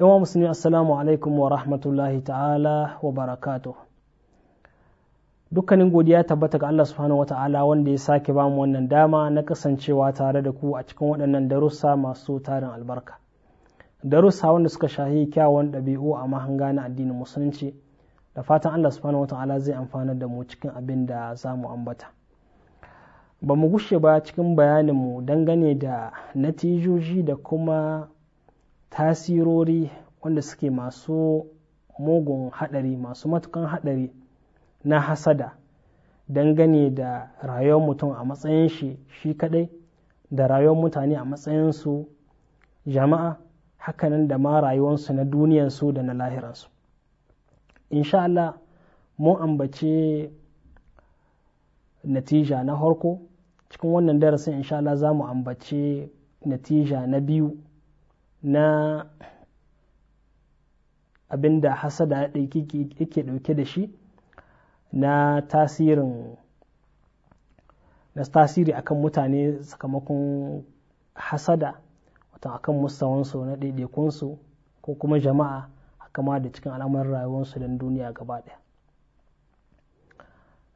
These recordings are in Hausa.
yawan musulmi assalamu alaikum wa rahmatullahi ta'ala wa barakatuh dukkanin godiya tabbata ga Allah subhanahu wa ta'ala wanda ya sake bamu wannan dama na kasancewa tare da ku a cikin waɗannan darussa masu tarin albarka darussa wanda suka shahi kyawun ɗabi'u a mahanga na addinin musulunci da fatan Allah subhanahu wa ta'ala zai amfana da mu cikin abin da za mu ambata ba mu gushe ba cikin bayaninmu dangane da natijoji da kuma tasirori wanda suke masu mugun haɗari masu matukan haɗari na hasada dangane da rayuwar mutum a matsayin shi shi kaɗai da rayuwar mutane a matsayin su jama'a hakanan da ma rayuwarsu na su da na lahiransu insha Allah mun ambace natija na harko cikin wannan darasin insha Allah za mu ambace natija na biyu na abinda hasada yake ɗauke da shi na tasirin na tasiri akan mutane sakamakon hasada wato akan mustawansu na ɗaiɗaikunsu ko kuma jama'a kama kama da cikin al'amuran rayuwarsu don duniya gaba ɗaya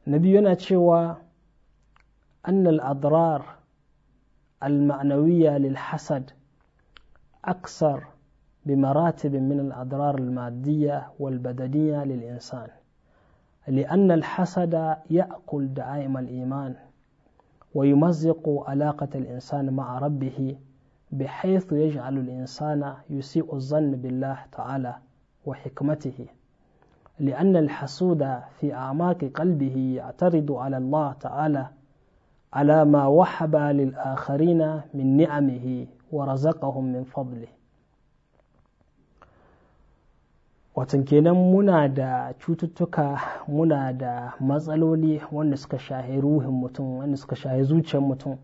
na biyu yana cewa annal adrar al-ma'nawiyya lil hasad أكثر بمراتب من الأضرار المادية والبدنية للإنسان لأن الحسد يأكل دعائم الإيمان ويمزق علاقة الإنسان مع ربه بحيث يجعل الإنسان يسيء الظن بالله تعالى وحكمته لأن الحسود في أعماق قلبه يعترض على الله تعالى على ما وهب للآخرين من نعمه wa razaqahum min fadli watan kenan muna da cututtuka muna da matsaloli wanda suka shahi ruhin mutum wanda suka shahi zuciyar mutum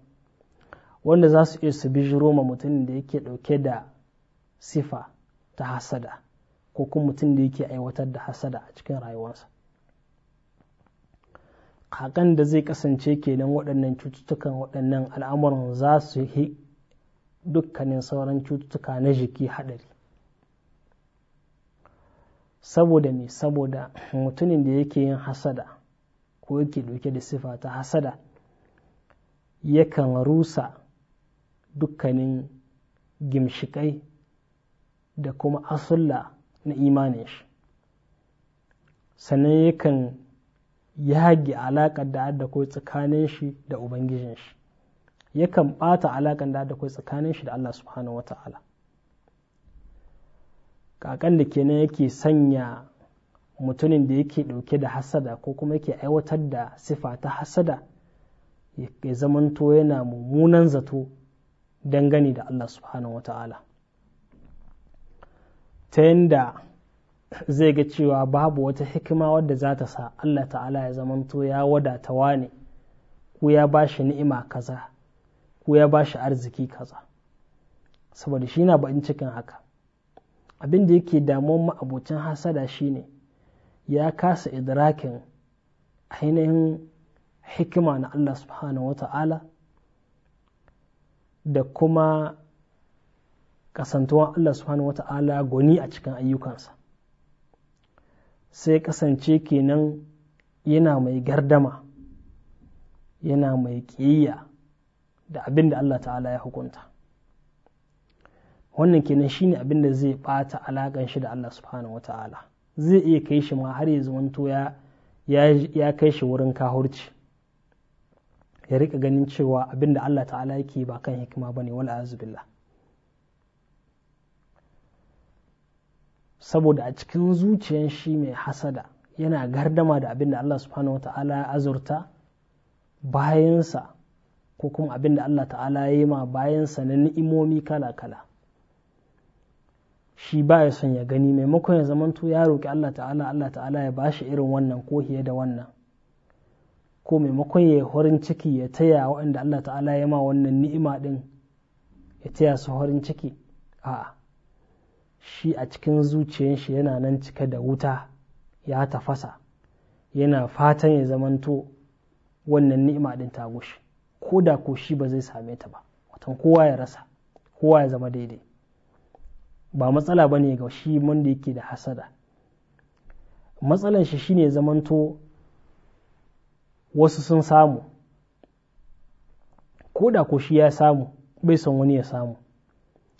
wanda za su iya su bijiro ma mutum da yake dauke da sifa ta hasada ko kuma mutum da yake aiwatar da hasada a cikin rayuwarsa kakan da zai kasance kenan waɗannan cututtukan waɗannan al'amuran za su dukkanin sauran cututtuka na jiki haɗari saboda me saboda mutumin da yake yin hasada ko yake ɗauke da sifa ta hasada yakan rusa dukkanin gimshikai da kuma asulla na imanin shi sannan yakan yage alaƙar da adda ko tsakanin shi da ubangijin shi yakan ɓata alaƙan da da kai tsakanin shi da Allah subhanahu wata'ala da kenan yake sanya mutumin da yake ɗauke da hasada ko kuma yake aiwatar da sifa ta hasada ya zamanto yana mummunan zato gani da Allah subhanahu wata'ala ta yadda zai ga cewa babu wata hikima wadda za ta sa Allah ta'ala ya zamanto ya wadatawa ne ko ya ba shi ni'ima kaza ko ya ba shi arziki kaza saboda shi na baɗin cikin haka abin da yake damuwar ma'abocin hasada shine ya kasa idrakin ainihin hikima na Allah subhanahu wata'ala da kuma kasantuwan Allah subhanahu wata'ala goni a cikin ayyukansa sai kasance kenan yana mai gardama yana mai ƙiyya da abin da Allah ta'ala ya hukunta wannan kenan shine abin da zai bata alakan shi da Allah subhanahu wata'ala zai iya kai shi ma har ya zamanto ya ya kai shi wurin kahurci ya rika ganin cewa abin da Allah ta'ala yake ba kan hikima bane wal billah saboda a cikin zuciyar shi mai hasada yana gardama da abin da Allah subhanahu wata'ala ya azurta bayansa ko kuma abin da Allah ta'ala ya yi ma bayansa na ni'imomi kala-kala shi ba ya son ya gani maimakon ya zamanto ya roƙi Allah ta'ala Allah ta'ala ya ba shi irin wannan ko hiye da wannan ko maimakon ya horin ciki ya taya waɗanda Allah ta'ala ya ma wannan ni'ima ɗin ya taya su horin ciki a'a shi a cikin zuciyar shi yana nan cike da wuta ya tafasa yana fatan ya zamanto wannan ni'ima ɗin ta gushe ko da ko shi ba zai same ta ba watan kowa ya rasa kowa ya zama daidai ba matsala ba ne ga shi wanda yake da hasada matsalan shi shine zamanto wasu sun samu ko da ko shi ya samu bai son wani ya samu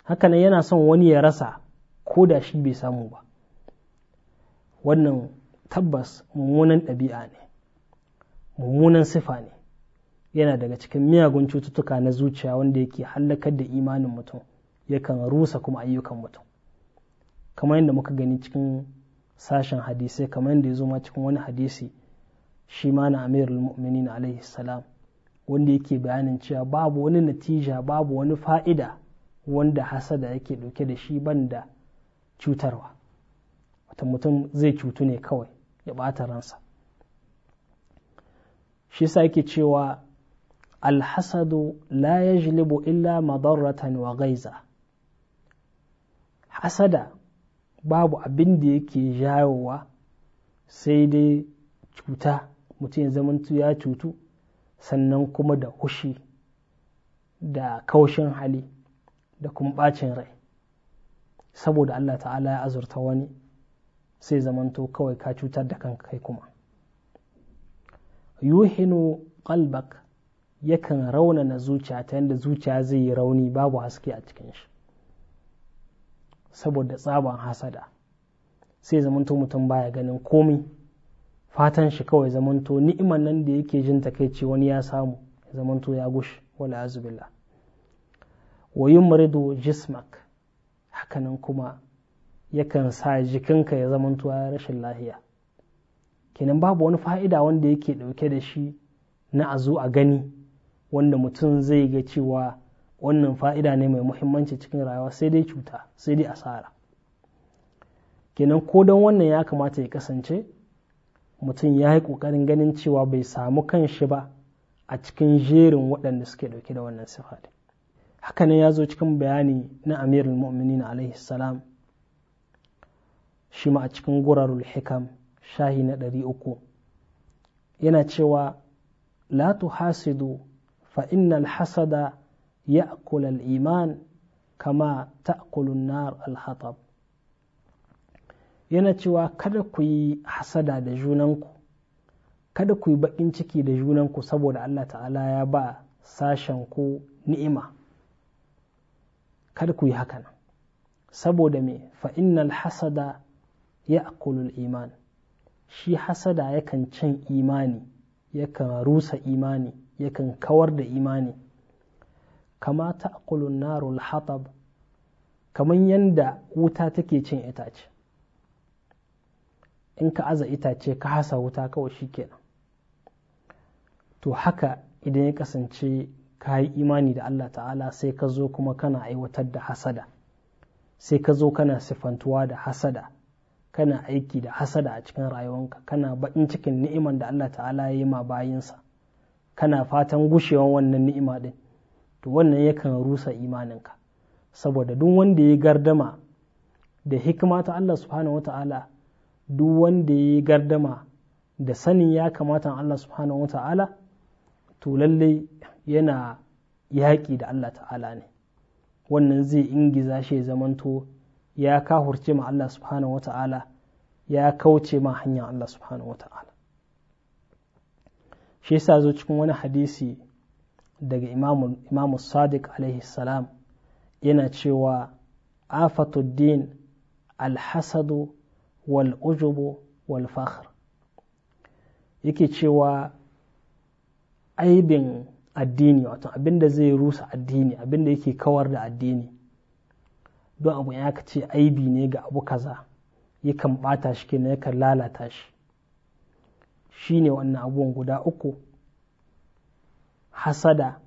hakanan yana son wani ya rasa ko da shi bai samu ba wannan tabbas mummunan ɗabi'a ne mummunan sifa ne yana daga cikin miyagun cututtuka na zuciya wanda yake hallakar da imanin mutum yakan rusa kuma ayyukan mutum kamar yadda muka gani cikin sashen hadisai kamar yadda ya zo ma cikin wani hadisi shi ma na amirul mu'minin alaihi salam wanda yake bayanin cewa babu wani natija babu wani fa'ida wanda hasada yake ɗauke da shi ban da cutarwa wata mutum zai cutu ne kawai ya ɓata ransa shi sa yake cewa alhasadu la yajlibu illa madarratan wa gaiza hasada babu abin da yake jawowa sai dai cuta mutum ya zamantu ya cutu sannan kuma da hushi da kaushin hali da kuma bacin rai saboda Allah ta'ala ya azurta wani sai zamanto kawai ka cutar da kanka kuma yuhinu qalbak yakan raunana zuciya ta yadda zuciya zai yi rauni babu haske a cikin shi saboda tsaban hasada sai zamanto mutum baya ganin komi fatan shi kawai zamanto ni'iman nan da yake jin takaici wani ya samu zamanto ya gushi wala azubillah wa yumridu jismak hakanan kuma yakan sa jikinka ya zamanto ya rashin lahiya kenan babu wani fa'ida wanda yake dauke da shi na a zo a gani wanda mutum zai ga cewa wannan fa'ida ne mai muhimmanci cikin rayuwa sai dai cuta sai dai asara kenan ko don wannan ya kamata ya kasance mutum ya yi ƙoƙarin ganin cewa bai samu kan shi ba a cikin jerin waɗanda suke ɗauke da wannan sifa hakanan ya zo cikin bayani na amirul mu'minin alaihi salam shi ma a cikin gurarul hikam shahi na ɗari uku yana cewa Latu tuhasidu فإن الحسد يأكل الإيمان kama ta nar al yana cewa kada ku yi hasada da junanku kada ku yi bakin ciki da junanku saboda Allah ta'ala ya ba sashen ku ni'ima kada ku yi hakan saboda me fa innal hasada ya'kulul iman shi hasada yakan cin imani yakan rusa imani yakan kawar da imani kama ta narul hatab kamar yadda wuta take cin itace in ka aza itace ka hasa wuta kawai shi kenan to haka idan ya kasance ka yi imani da Allah ta'ala sai ka zo kuma kana aiwatar da hasada sai ka zo kana sifantuwa da hasada kana aiki da hasada a cikin rayuwanka kana baƙin cikin ni'iman da Allah ta'ala ya yi ma bayinsa kana fatan gushewan wannan ni'ima din to wannan yakan rusa imaninka saboda duk wanda ya gardama da hikima ta Allah subhanahu wata'ala duk wanda ya gardama da sanin ya kamata Allah subhanahu wata'ala to lalle yana yaƙi da Allah ta'ala ne wannan zai ingiza shi zamanto ya kahurce ma Allah subhanahu wata'ala ya kauce ma hanyar Allah subhanahu wata'ala shi yasa zo cikin wani hadisi daga imamu sadiq alaihi salam yana cewa afatuddin alhasadu wal ujubu wal fakhr yake cewa aibin addini wato abinda zai rusa addini abinda yake kawar da addini don abu ya ka ce aibi ne ga abu kaza yakan bata shi kenan yakan lalata shi Shi ne wannan abubuwan guda uku hasada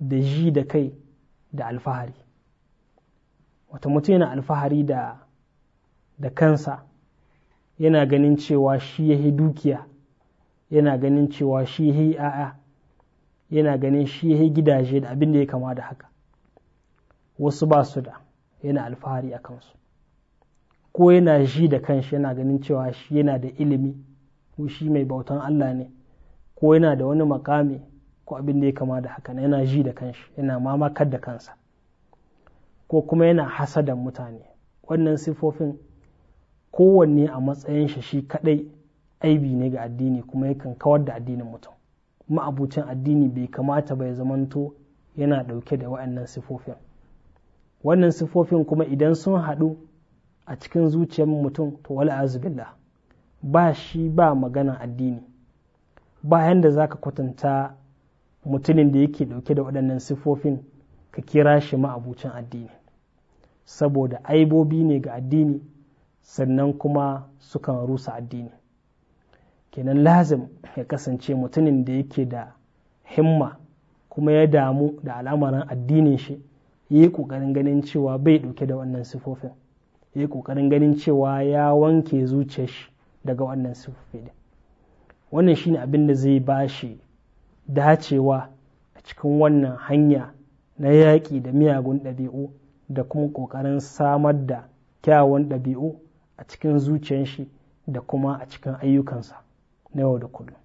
da ji da kai da alfahari wata mutum yana alfahari da da kansa yana ganin cewa shi ya dukiya yana ganin cewa shi ya a'a yana ganin shi ya gidaje da abin da ya kama da haka wasu ba su da yana alfahari a kansu ko yana ji da kanshi yana ganin cewa shi yana da ilimi ko shi mai bautan Allah ne ko yana da wani makami ko abin da ya kama da hakan yana ji da kanshi yana mamakar da kansa ko kuma yana hasadan mutane wannan sifofin kowanne a matsayin shi shi kadai aibi ne ga addini kuma yakan kawar da addinin mutum ma'abucin addini bai kamata bai zamanto yana dauke da wa'annan sifofin wannan sifofin kuma idan sun haɗu a cikin zuciyar mutum to wala azubillah ba shi ba magana addini ba yadda za ka kwatanta mutumin da yake dauke da waɗannan siffofin ka kira shi ma'abucin addini saboda aibobi ne ga addini sannan kuma sukan rusa addini kenan lazim ya kasance mutumin da yake da himma kuma ya damu da al'amarin addinin shi ya yi ƙoƙarin ganin cewa bai ɗauke da wannan sifofin ya yi ƙoƙarin ganin cewa ya wanke zuciyar shi daga wannan sufi din wannan shine abin da zai ba shi dacewa a cikin wannan hanya na yaƙi da miyagun ɗabi'u da kuma ƙoƙarin samar da kyawun ɗabi'u a cikin zuciyar shi da kuma a cikin ayyukansa na yau da kullum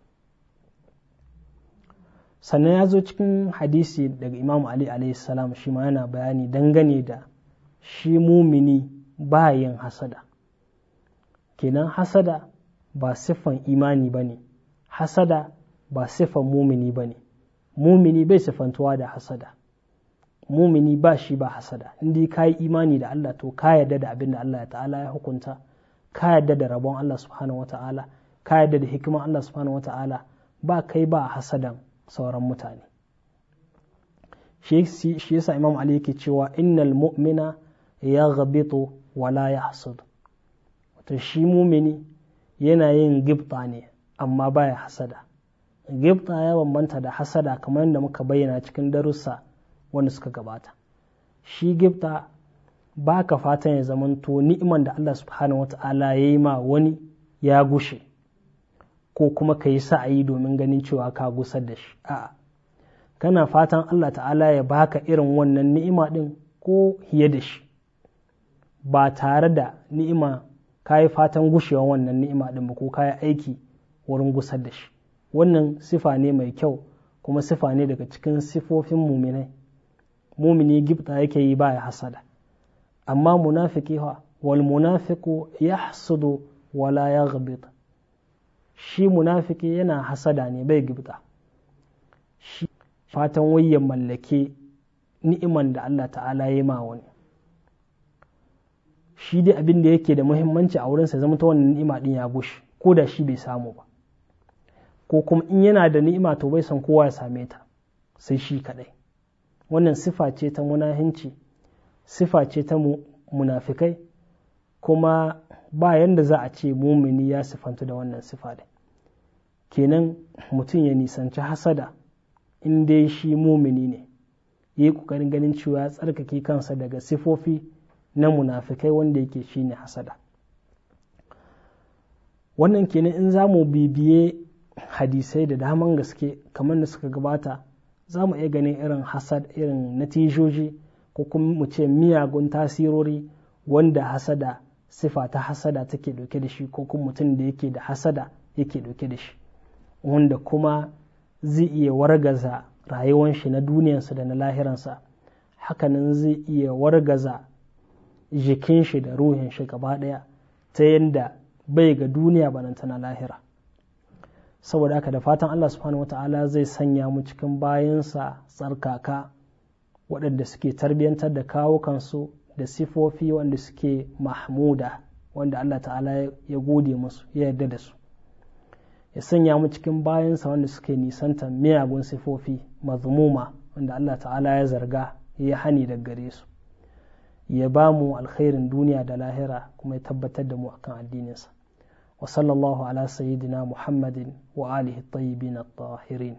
sannan ya zo cikin hadisi daga imam ali salam shi ma yana bayani dangane da shi mumini bayan hasada kenan hasada ba siffan imani ba ne hasada ba siffan mumini ba ne mumini bai siffantuwa da hasada mumini ba shi ba hasada inda ka yi imani da Allah to ka yarda da abin da Allah ya ta'ala ya hukunta ka yarda da rabon Allah subhanahu wa ta'ala ka yarda da hikiman Allah subhanahu wa ta'ala ba kai ba hasadan sauran mutane shi yasa imam ali yake cewa innal mu'mina ya wala ya wato shi mumini yana yin gifta ne amma baya hasada gifta ya bambanta da hasada kamar yadda muka bayyana cikin darussa wanda suka gabata shi gifta ba ka fatan ya zamanto ni'iman da Allah subhanahu wa ta'ala ya yi ma wani ya gushe ko kuma ka yi sa'ayi domin ganin cewa ka gusar da shi a'a kana fatan Allah ta'ala ya baka irin wannan ni'ima din ko hiye da shi ba tare da ni'ima ka yi fatan gushewan wannan ni'ima ɗin ba ko ka yi aiki wurin gusar da shi wannan sifa ne mai kyau kuma sifa ne daga cikin sifofin muminai mumini gifta yake yi baya hasada amma munafiki ha wal munafiku hasudu wala ya gabita shi munafiki yana hasada ne bai gifta shi fatan wayyan mallake ni'iman da Allah ta'ala ya ma wani shi dai abin da yake da muhimmanci a wurinsa zama ta wannan ni'ima din ya gushi ko da shi bai samu ba ko kuma in yana da ni'ima to bai san kowa ya same ta sai shi kadai wannan sifa ce ta munahinci sifa ce ta munafikai kuma ba yanda za a ce mumini ya sifantu da wannan sifa kenan mutum ya nisanci hasada in dai shi mumini ne ya yi ƙoƙarin ganin cewa ya tsarkake kansa daga sifofi na munafikai wanda yake shi ne hasada wannan kenan in za mu bibiye hadisai da daman gaske kamar da suka gabata za mu iya ganin irin hasad irin natijoji ko kuma mu ce miyagun tasirori wanda hasada sifa ta hasada take dauke da shi ko kuma mutum da yake da hasada yake dauke da shi wanda kuma zai iya wargaza rayuwan shi na duniyansa da na lahiransa hakanan zai iya wargaza jikin shi da ruhin shi gaba ɗaya ta yadda bai ga duniya ba nan tana lahira saboda haka da fatan Allah subhanahu wata'ala zai sanya mu cikin bayansa tsarkaka waɗanda suke tarbiyyantar da kawukansu da sifofi wanda suke mahmuda wanda Allah ta'ala ya gode musu ya yarda da su ya sanya mu cikin bayansa wanda suke nisanta miyagun sifofi mazmuma wanda Allah ta'ala ya zarga ya hani daga gare su ya ba mu alkhairin duniya da lahira kuma ya tabbatar da mu akan addininsa wa sallallahu ala sayyidina muhammadin wa alihi tayyibin at-tahirin